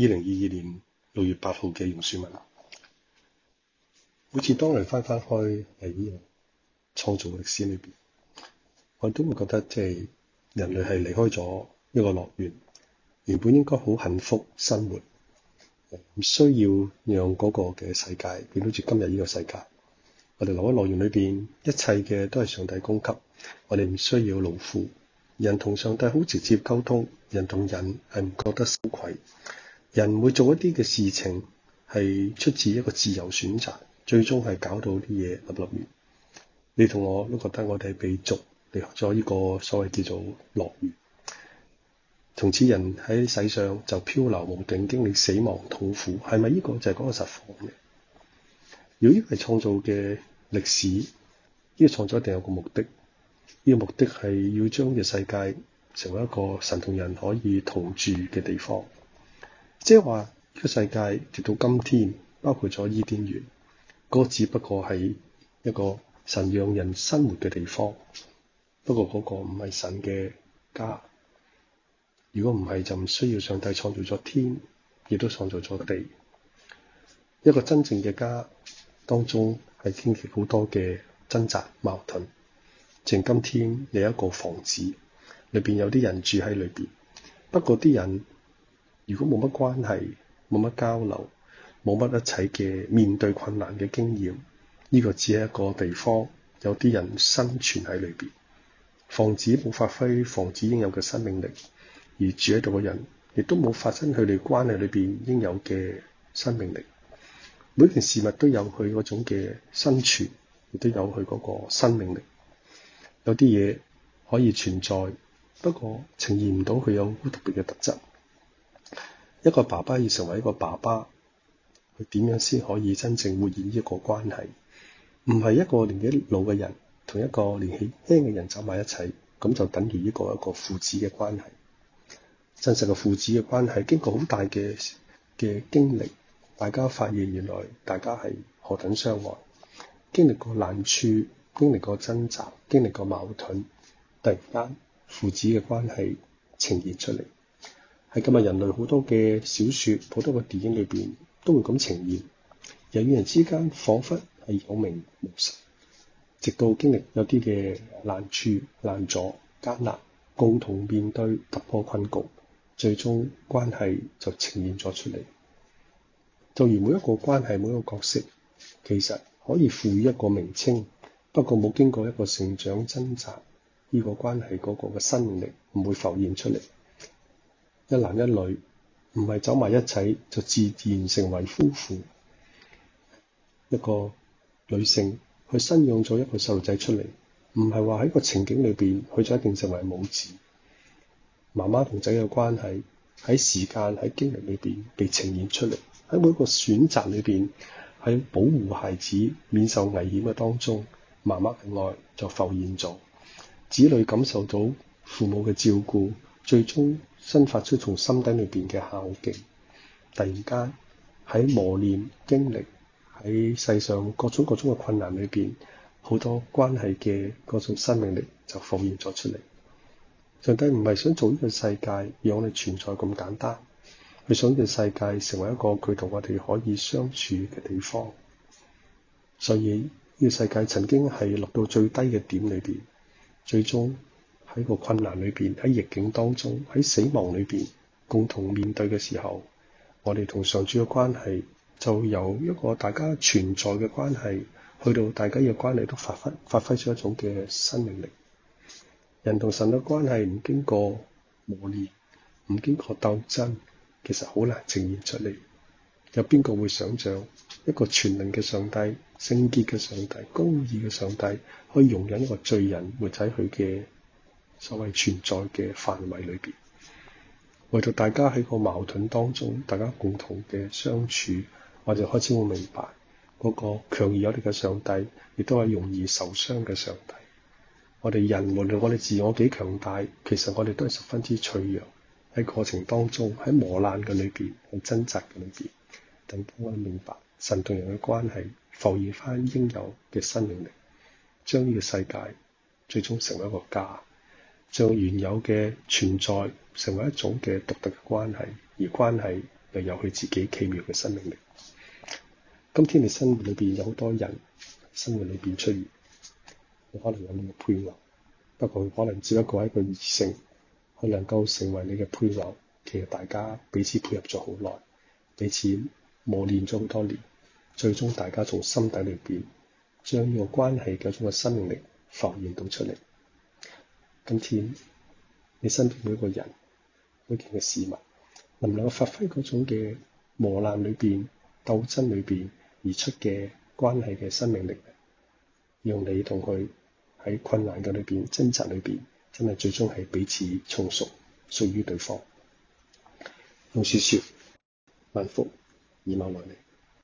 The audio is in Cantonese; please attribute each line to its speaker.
Speaker 1: 二零二二年六月八號嘅楊書文，每次當你哋翻翻開係呢樣創造歷史裏邊，我都會覺得，即係人類係離開咗一個樂園，原本應該好幸福生活，唔需要讓嗰個嘅世界變到似今日呢個世界。我哋留喺樂園裏邊，一切嘅都係上帝供給，我哋唔需要勞苦。人同上帝好直接溝通，人同人係唔覺得羞愧。人會做一啲嘅事情，係出自一個自由選擇，最終係搞到啲嘢立立亂。你同我都覺得我哋係被逐離開咗呢個所謂叫做樂園。從此人喺世上就漂流無定，經歷死亡痛苦，係咪呢個就係嗰個實況嘅？如果呢個係創造嘅歷史，呢個創造一定有個目的。呢個目的係要將個世界成為一個神同人可以同住嘅地方。即係話呢個世界直到今天，包括咗伊甸園，嗰、那個、只不過係一個神讓人生活嘅地方。不過嗰個唔係神嘅家。如果唔係，就唔需要上帝創造咗天，亦都創造咗地。一個真正嘅家當中係經歷好多嘅掙扎、矛盾。正如今天有一個房子，裏邊有啲人住喺裏邊，不過啲人。如果冇乜關係、冇乜交流、冇乜一切嘅面對困難嘅經驗，呢個只係一個地方，有啲人生存喺裏邊，防止冇發揮，防止應有嘅生命力，而住喺度嘅人亦都冇發生佢哋關係裏邊應有嘅生命力。每件事物都有佢嗰種嘅生存，亦都有佢嗰個生命力。有啲嘢可以存在，不過呈現唔到佢有好特別嘅特質。一個爸爸要成為一個爸爸，佢點樣先可以真正活現呢一個關係？唔係一個年紀老嘅人同一個年紀輕嘅人走埋一齊，咁就等於一個一個父子嘅關係。真實嘅父子嘅關係，經過好大嘅嘅經歷，大家發現原來大家係何等相愛，經歷過難處，經歷過掙扎，經歷過矛盾，突然間父子嘅關係呈現出嚟。喺今日人類好多嘅小説、好多嘅電影裏邊，都會咁呈現人與人之間，彷彿係有名無實。直到經歷有啲嘅難處、難阻、艱難，共同面對突破困局，最終關係就呈現咗出嚟。就如每一個關係、每一個角色，其實可以賦予一個名稱，不過冇經過一個成長掙扎，呢、這個關係嗰個嘅生命力唔會浮現出嚟。一男一女唔係走埋一齊就自然成為夫婦。一個女性去生養咗一個細路仔出嚟，唔係話喺個情景裏邊佢就一定成為母子。媽媽同仔嘅關係喺時間喺經歷裏邊被呈現出嚟，喺每一個選擇裏邊喺保護孩子免受危險嘅當中，媽媽嘅愛就浮現咗。子女感受到父母嘅照顧。最終，生發出從心底裏邊嘅考勁，突然間喺磨練經歷喺世上各種各種嘅困難裏邊，好多關係嘅嗰種生命力就浮現咗出嚟。上帝唔係想做呢個世界讓我哋存在咁簡單，佢想呢個世界成為一個佢同我哋可以相處嘅地方。所以呢個世界曾經係落到最低嘅點裏邊，最終，喺個困難裏邊，喺逆境當中，喺死亡裏邊，共同面對嘅時候，我哋同上主嘅關係就會由一個大家存在嘅關係，去到大家嘅關係都發揮發揮出一種嘅生命力。人同神嘅關係唔經過磨練，唔經過鬥爭，其實好難呈現出嚟。有邊個會想象一個全能嘅上帝、聖潔嘅上帝、高義嘅上帝，可以容忍一個罪人活喺佢嘅？所謂存在嘅範圍裏邊，為咗大家喺個矛盾當中，大家共同嘅相處，或者開始會明白嗰個強而有力嘅上帝，亦都係容易受傷嘅上帝。我哋人無論我哋自我幾強大，其實我哋都係十分之脆弱。喺過程當中，喺磨難嘅裏邊，喺掙扎嘅裏邊，等我哋明白神同人嘅關係浮現翻應有嘅生命力，將呢個世界最終成為一個家。將原有嘅存在成為一種嘅獨特嘅關係，而關係又有佢自己奇妙嘅生命力。今天你生活裏邊有好多人，生活裏邊出現，有可能有你嘅配偶，不過可能只不過係一個異性，佢能夠成為你嘅配偶，其實大家彼此配合咗好耐，彼此磨練咗好多年，最終大家從心底裏邊將呢個關係嘅一種嘅生命力發現到出嚟。今天你身邊每個人、每件嘅事物，能唔能夠發揮嗰種嘅磨難裏邊、鬥爭裏邊而出嘅關係嘅生命力，讓你同佢喺困難嘅裏邊、掙扎裏邊，真係最終係彼此從屬，屬於對方。用少少，萬福以貌來嚟。